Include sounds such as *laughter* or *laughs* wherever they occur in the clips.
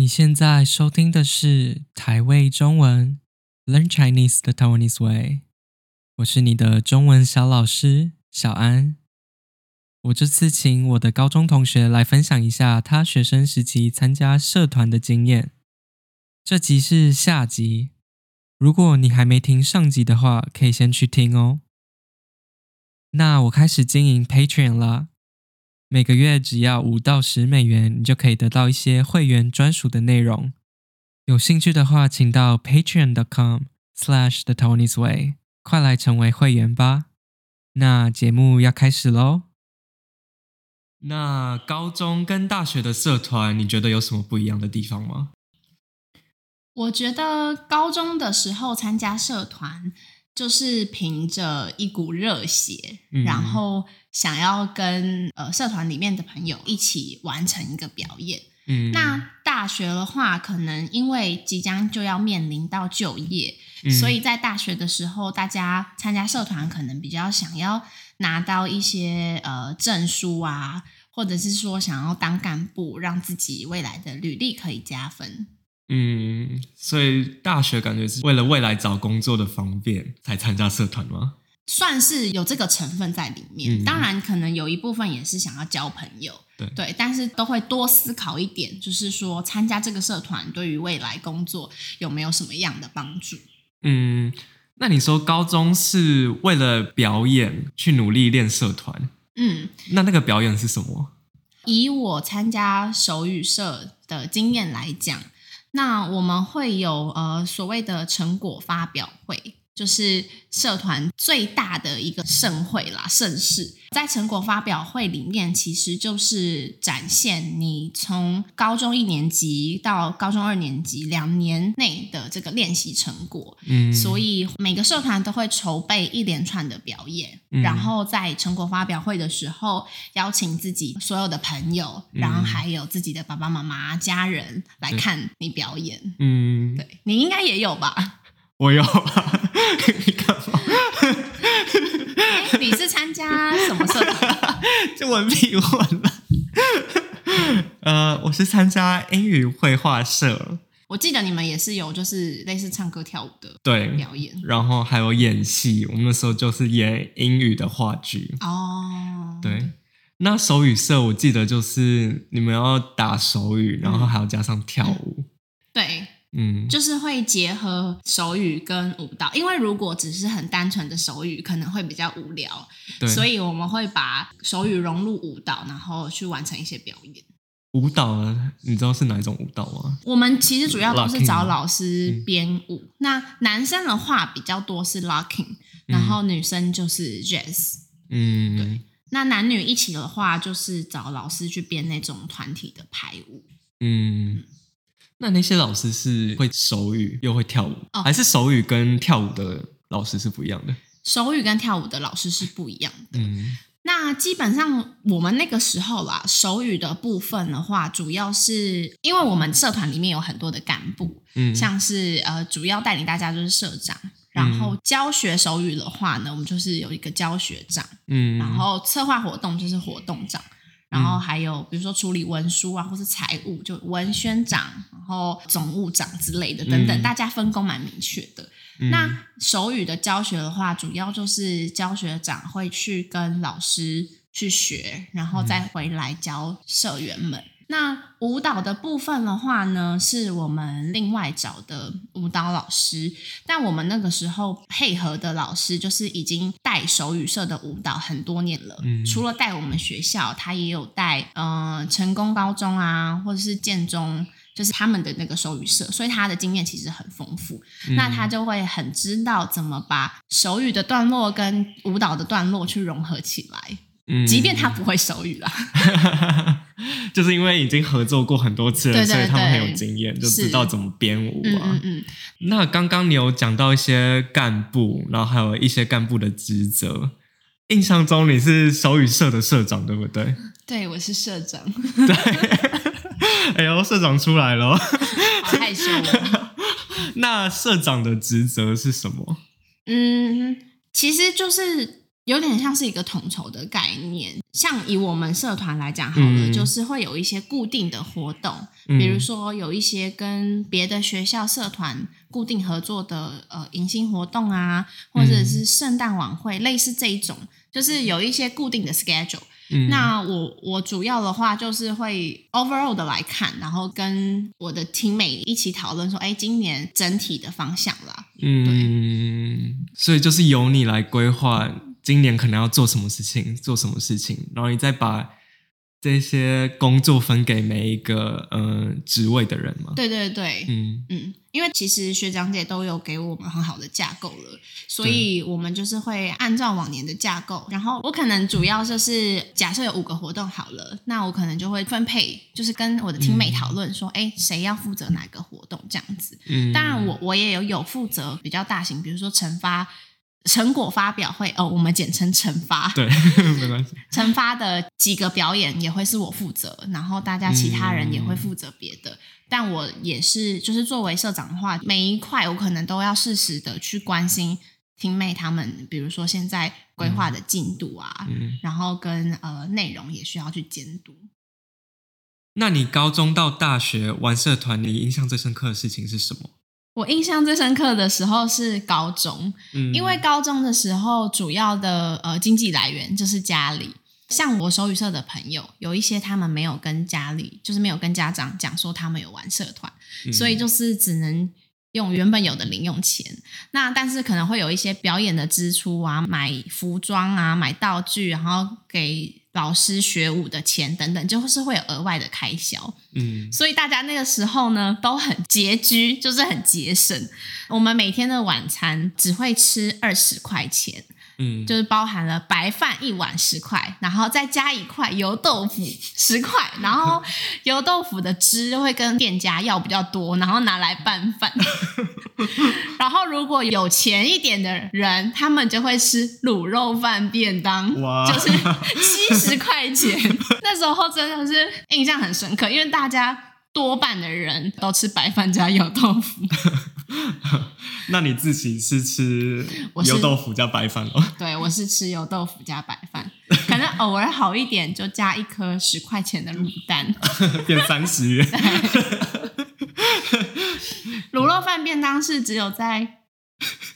你現在收聽的是台味中文 Learn Chinese the Taiwanese way，我是你的中文小老師小安。我這次請我的高中同學來分享一下他學生時期參加社團的經驗。這集是下集，如果你還沒聽上集的話，可以先去聽哦。那我開始經營 Patreon 了。每個月只要五到十美元，你就可以得到一些會員專屬的內容。有興趣的話，請到 patreon.com/slash/thetaiwaneseway，快來成為會員吧！那節目要開始嘍。那高中跟大學的社團，你覺得有什麼不一樣的地方嗎？我覺得高中的時候參加社團，就是憑着一股熱血，嗯，然後想要跟呃社團裡面的朋友一起完成一個表演。嗯，那大學的話，可能因為即將就要面臨到就業，嗯，所以在大學的時候，大家參加社團可能比較想要拿到一些呃證書啊，或者是說想要當幹部，讓自己未來的履歷可以加分。嗯，所以大學感覺是為了未來找工作的方便才參加社團嗎？算是有這個成分在裡面。嗯、當然，可能有一部分也是想要交朋友，對，對但是都會多思考一點，就是說參加這個社團對於未來工作有沒有什麼樣的幫助。嗯，那你說高中是為了表演去努力練社團？嗯，那那個表演是什麼？以我參加手語社的經驗來講。那我們會有呃所謂的成果發表會。就是社團最大的一個盛會啦，盛事。在成果發表會裡面，其實就是展現你從高中一年級到高中二年級兩年內的這個練習成果。嗯，所以每個社團都會籌備一連串的表演，嗯，然後在成果發表會的時候邀請自己所有的朋友，嗯、然後還有自己的爸爸媽媽、家人來看你表演。嗯，對，你應該也有吧？我有。 *laughs* *laughs* 你干幹嘛？ *laughs* okay，你是參加什麼社團？ *laughs* 就文憑混了。呃、 *laughs* uh，我是參加英語繪畫社。我記得你們也是有，就是類似唱歌跳舞的，對，表演，對，然後還有演戲。我們那時候就是演英語的話劇哦。Oh. 對，那手語社我記得就是你們要打手語，然後還要加上跳舞。嗯、對。嗯，就是會結合手語跟舞蹈，因為如果只是很單純的手語，可能會比較無聊。對。所以我們會把手語融入舞蹈，然後去完成一些表演。舞蹈你知道是哪一種舞蹈嗎？我們其實主要都是找老師編舞。Locking，那男生的話比較多是 locking，嗯，然後女生就是 jazz。嗯，對。那男女一起的話，就是找老師去編那種團體的排舞。嗯。嗯。那那些老師是會手語又會跳舞，oh, 還是手語跟跳舞的老師是不一樣的？手語跟跳舞的老師是不一樣的。嗯，那基本上我們那個時候啦，手語的部分的話，主要是因為我們社團裡面有很多的幹部，嗯，像是呃主要帶領大家就是社長，然後教學手語的話呢，我們就是有一個教學長，嗯，然後策劃活動就是活動長。然後還有，比如說處理文書啊，或是財務，就文宣長，然後總務長之類的，等等。嗯，大家分工蠻明確的。嗯，那手語的教學的話，主要就是教學長會去跟老師去學，然後再回來教社員們。嗯那舞蹈的部分的話呢，是我們另外找的舞蹈老師，但我們那個時候配合的老師就是已經帶手語社的舞蹈很多年了。嗯，除了帶我們學校，他也有帶呃成功高中啊，或者是建中，就是他們的那個手語社，所以他的經驗其實很豐富。嗯，那他就會很知道怎麼把手語的段落跟舞蹈的段落去融合起來。嗯，即便他不會手語啦。 *laughs* 就是因為已經合作過很多次了，對對對，所以他們很有經驗，就知道怎麼編舞啊嗯嗯嗯。那剛剛你有講到一些幹部，然後還有一些幹部的職責。印象中你是手語社的社長，對不對？對，我是社長。對， *laughs* 哎呦，社長出來了，太像了。那社長的職責是什麼？嗯，其實就是。有點像是一個統籌的概念，像以我們社團來講好了，嗯，就是會有一些固定的活動，嗯，比如說有一些跟別的學校社團固定合作的呃迎新活動啊，或者是聖誕晚會，嗯，類似這一種，就是有一些固定的 schedule，嗯。那我我主要的話就是會 overall 的來看，然後跟我的 team 美一起討論說，哎，今年整體的方向啦。嗯，對所以就是由你來規劃。今年可能要做什麼事情，做什麼事情，然後你再把這些工作分給每一個嗯職位的人嘛？對對對，嗯嗯，因為其實學長姐都有給我們很好的架構了，所以我們就是會按照往年的架構。然後我可能主要就是假設有五個活動好了，那我可能就會分配，就是跟我的 teammate 討論說，哎、嗯，誰要負責哪個活動這樣子。嗯，當然我我也有有負責比較大型，比如說成發。成果發表會哦，我們簡稱成發。對，呵呵沒關係。成發的幾個表演也會是我負責，然後大家其他人也會負責別的、嗯。但我也是，就是作為社長的話，每一塊我可能都要適時的去關心聽妹他們，比如說現在規劃的進度啊、嗯嗯，然後跟呃內容也需要去監督。那你高中到大學玩社團，你印象最深刻的事情是什麼？我印象最深刻的時候是高中，嗯、因為高中的時候主要的呃經濟來源就是家裡。像我手語社的朋友，有一些他們沒有跟家裡，就是沒有跟家長講說他們有玩社團、嗯，所以就是只能用原本有的零用錢。那但是可能會有一些表演的支出啊，買服裝啊，買道具，然後給。老師學舞的錢等等，就是會有額外的開銷。嗯，所以大家那個時候呢，都很拮據，就是很節省。我們每天的晚餐只會吃二十塊錢。就是包含了白飯一碗十塊，然後再加一塊油豆腐十塊，然後油豆腐的汁會跟店家要比較多，然後拿來拌飯。 *laughs* 然後如果有錢一點的人，他們就會吃滷肉飯便當，Wow. 就是七十塊錢。 *laughs* 那時候真的是印象很深刻，因為大家。多半的人都吃白飯加油豆腐， *laughs* 那你自己是吃油豆腐加白飯哦？對，我是吃油豆腐加白飯， *laughs* 可能偶爾好一點就加一顆十塊錢的滷蛋， *laughs* 變三十元。 *laughs* 對 *laughs* *laughs* 滷肉飯便當是只有在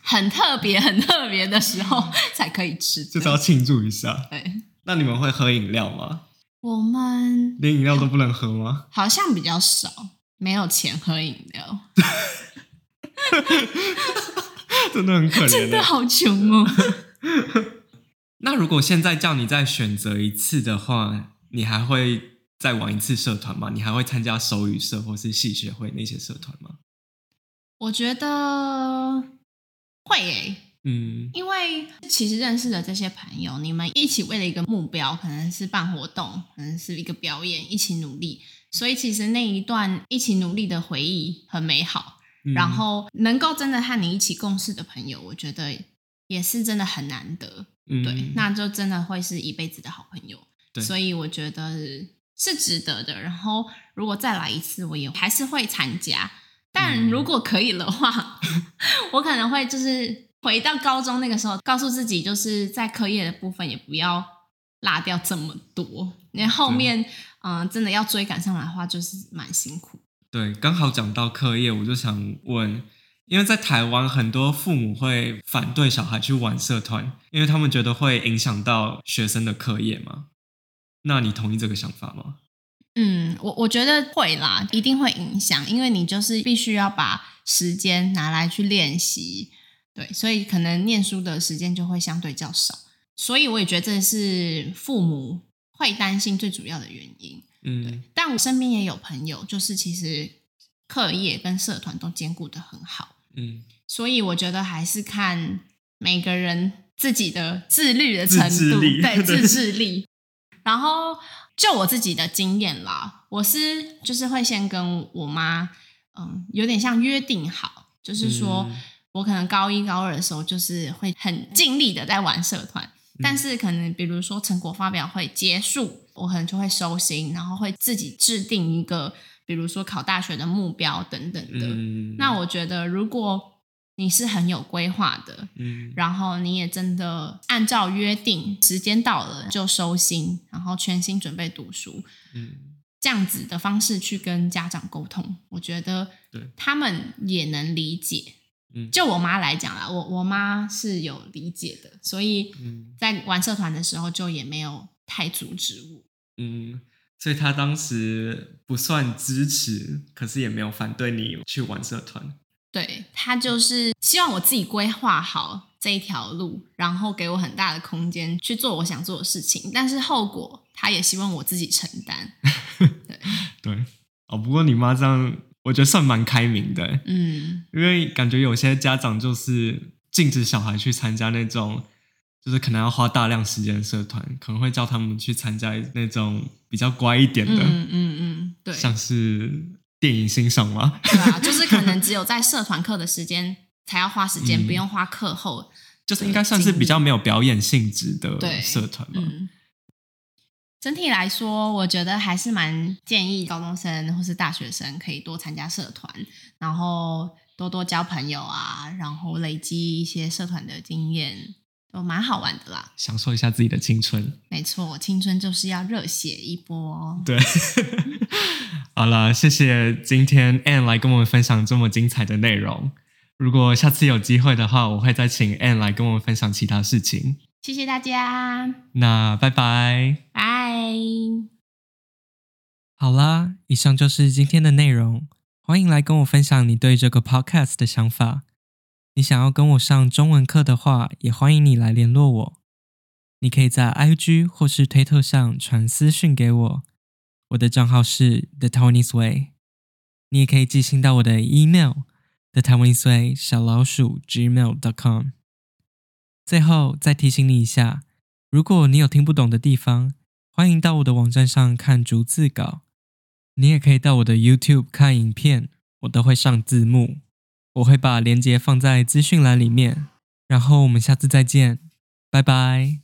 很特別、很特別的時候才可以吃，就是要慶祝一下。對，那你們會喝飲料嗎？我們連飲料都不能喝嗎？好像比較少，沒有錢喝飲料，飲料 *laughs* 真的很可憐，真的好窮哦。 *laughs* 那如果現在叫你再選擇一次的話，你還會再玩一次社團嗎？你還會參加手語社或是系學會那些社團嗎？我覺得會誒、欸。嗯，因為其實認識的這些朋友，你們一起為了一個目標，可能是辦活動，可能是一個表演，一起努力，所以其實那一段一起努力的回憶很美好。嗯、然後能夠真的和你一起共事的朋友，我覺得也是真的很難得。嗯、對，那就真的會是一輩子的好朋友。所以我覺得是值得的。然後如果再來一次，我也還是會參加。但如果可以的話，嗯、 *laughs* 我可能會就是。回到高中那個時候，告訴自己就是在課業的部分也不要落掉這麼多。因為後面，嗯、啊呃，真的要追趕上來的話，就是蠻辛苦。對，剛好講到課業，我就想問，因為在台灣，很多父母會反對小孩去玩社團，因為他們覺得會影響到學生的課業嘛。那你同意這個想法嗎？嗯，我我覺得會啦，一定會影響，因為你就是必須要把時間拿來去練習。對，所以可能念書的時間就會相對較少，所以我也覺得這是父母會擔心最主要的原因。嗯，對，但我身邊也有朋友，就是其實課業跟社團都兼顧得很好。嗯，所以我覺得還是看每個人自己的自律的程度，對，自制力。力 *laughs* 然後就我自己的經驗啦，我是就是會先跟我媽，嗯，有點像約定好，就是說。嗯我可能高一高二的時候就是會很盡力的在玩社團，嗯，但是可能比如說成果發表會結束，我可能就會收心，然後會自己制定一個，比如說考大學的目標等等的。嗯，那我覺得如果你是很有規劃的，嗯，然後你也真的按照約定時間到了就收心，然後全心準備讀書，嗯，這樣子的方式去跟家長溝通，我覺得，他們也能理解。就我媽來講啦，我我媽是有理解的，所以在玩社團的時候就也沒有太阻止我。嗯，所以她當時不算支持，可是也沒有反對你去玩社團。對，她就是希望我自己規劃好這一條路，然後給我很大的空間去做我想做的事情，但是後果她也希望我自己承擔 *laughs* 。對，哦，不過你媽這樣。我覺得算蠻開明的，嗯，因為感覺有些家長就是禁止小孩去參加那種，就是可能要花大量時間的社團，可能會叫他們去參加那種比較乖一點的，嗯嗯嗯，對，像是電影欣賞嘛，對啊，就是可能只有在社團課的時間才要花時間， *laughs* 不用花課後，就是應該算是比較沒有表演性質的社團嘛。整體來說，我覺得還是蠻建議高中生或是大學生可以多參加社團，然後多多交朋友啊，然後累積一些社團的經驗，都蠻好玩的啦。享受一下自己的青春，沒錯，青春就是要熱血一波哦。對， *laughs* *laughs* 好了，謝謝今天 Anne 來跟我們分享這麼精彩的內容。如果下次有機會的話，我會再請 Anne 來跟我們分享其他事情。謝謝大家，那拜拜。好啦，以上就是今天的內容。歡迎來跟我分享你對這個 podcast 的想法。你想要跟我上中文課的話，也歡迎你來聯絡我。你可以在 IG 或是推特上傳私訊給我，我的賬號是 The Taiwanese Way。你也可以寄信到我的 email the Taiwanese Way 小老鼠 gmail.com。最後再提醒你一下，如果你有聽不懂的地方，歡迎到我的網站上看逐字稿。你也可以到我的 YouTube 看影片，我都會上字幕。我會把鏈接放在資訊欄裡面，然後我們下次再見，拜拜。